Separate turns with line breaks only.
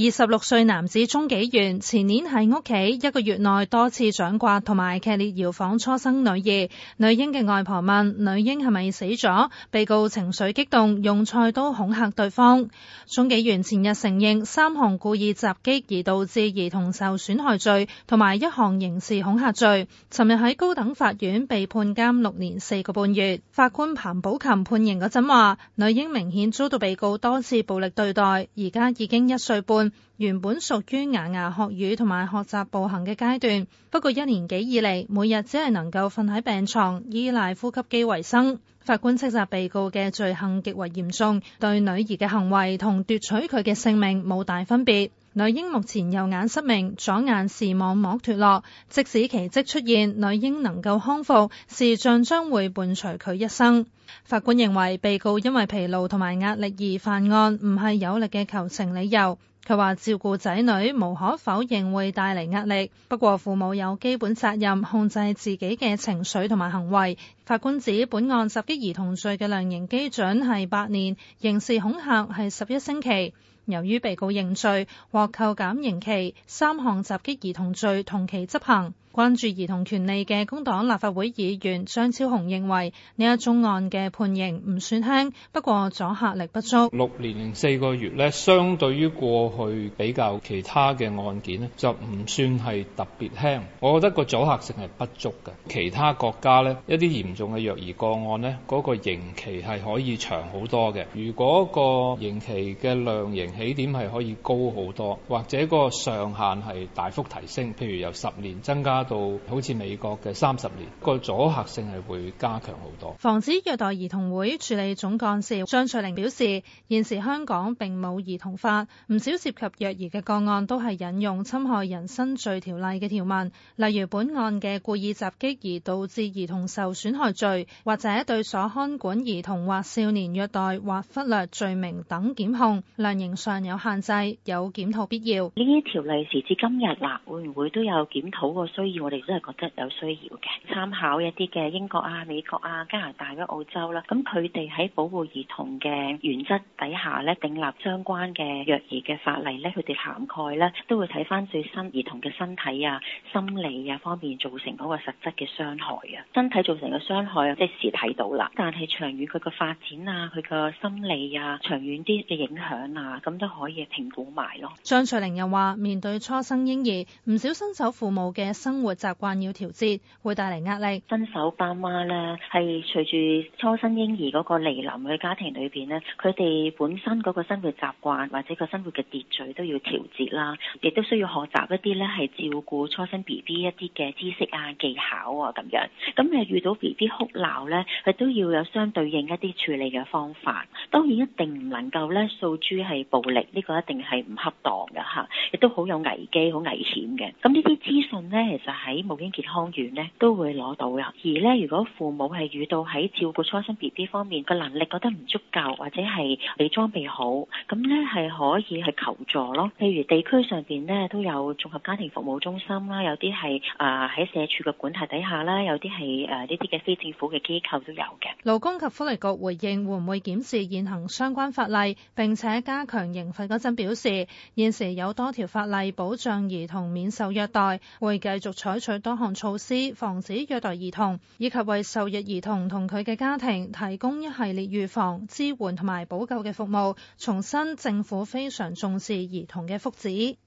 二十六歲男子鍾紀元前年喺屋企一個月內多次掌摑同埋劇烈搖晃初生女兒，女嬰嘅外婆問女嬰係咪死咗，被告情緒激動用菜刀恐嚇對方。鍾紀元前日承認三項故意襲擊而導致兒童受損害罪，同埋一項刑事恐嚇罪。尋日喺高等法院被判監六年四個半月。法官彭寶琴判刑嗰陣話，女嬰明顯遭到被告多次暴力對待，而家已經一歲半。原本屬於牙牙學語同埋學習步行嘅階段，不過一年幾以嚟，每日只係能夠瞓喺病床，依賴呼吸機為生。法官斥責被告嘅罪行極為嚴重，對女兒嘅行為同奪取佢嘅性命冇大分別。女嬰目前右眼失明，左眼視網膜脫落，即使奇蹟出現，女嬰能夠康復，視障將會伴隨佢一生。法官認為被告因為疲勞同埋壓力而犯案，唔係有力嘅求情理由。佢話照顧仔女無可否認會帶嚟壓力，不過父母有基本責任控制自己嘅情緒同埋行為。法官指本案襲擊兒童罪嘅量刑基準係八年，刑事恐吓係十一星期。由於被告認罪獲扣減刑期，三項襲擊兒童罪同期執行。關注兒童權利嘅工黨立法會議員張超雄認為呢一宗案嘅判刑唔算輕，不過阻吓力不足。
六年零四個月呢，相對於過去比較其他嘅案件呢，就唔算係特別輕。我覺得個阻吓性係不足嘅。其他國家呢，一啲嚴種嘅虐兒個案呢，嗰、嗰個刑期係可以長好多嘅。如果嗰個刑期嘅量刑起點係可以高好多，或者個上限係大幅提升，譬如由十年增加到好似美國嘅三十年，嗰個阻嚇性係會加強好多。
防止虐待兒童會處理總幹事張翠玲表示，現時香港並冇兒童法，唔少涉及虐兒嘅個案都係引用侵害人身罪條例嘅條文，例如本案嘅故意襲擊而導致兒童受損害。罪或者對所看管兒童或少年虐待或忽略罪名等檢控量刑上有限制，有檢討
必要。呢條例時至今日啦，會唔會都有檢討個需要？我哋都係覺得有需要嘅，參考一啲嘅英國啊、美國啊、加拿大、或澳洲啦，咁佢哋喺保護兒童嘅原則底下咧，訂立相關嘅虐兒嘅法例咧，佢哋涵蓋咧都會睇翻最新兒童嘅身體啊、心理啊方面造成嗰個實質嘅傷害啊，身體造成嘅傷。傷害即時睇到啦。但係長遠佢嘅發展啊，佢嘅心理啊，長遠啲嘅影響啊，咁都可以評估埋咯。
張翠玲又話：面對初生嬰兒，唔少新手父母嘅生活習慣要調節，
會帶嚟壓力。新手爸媽咧，係隨住初生嬰兒嗰個嚟臨嘅家庭裏邊咧，佢哋本身嗰個生活習慣或者個生活嘅秩序都要調節啦，亦都需要學習一啲咧係照顧初生 B B 一啲嘅知識啊、技巧啊咁樣。咁你遇到 B B 哭鬧咧，佢都要有相對應一啲處理嘅方法。當然一定唔能夠咧訴諸係暴力，呢個一定係唔恰當㗎吓，亦都好有危機、好危險嘅。咁呢啲資訊咧，其實喺母嬰健康院咧都會攞到噶。而咧，如果父母係遇到喺照顧初生 B B 方面個能力覺得唔足夠，或者係未裝備好，咁咧係可以去求助咯。譬如地區上邊咧都有綜合家庭服務中心啦，有啲係啊喺社署嘅管轄底下啦，有啲係誒呢啲嘅。呃啲政府嘅機構都有
嘅。勞工及福利局回應會唔會檢視現行相關法例，並且加強刑罰嗰陣，表示現時有多條法例保障兒童免受虐待，會繼續採取多項措施防止虐待兒童，以及為受虐兒童同佢嘅家庭提供一系列預防、支援同埋補救嘅服務。重申政府非常重視兒童嘅福祉。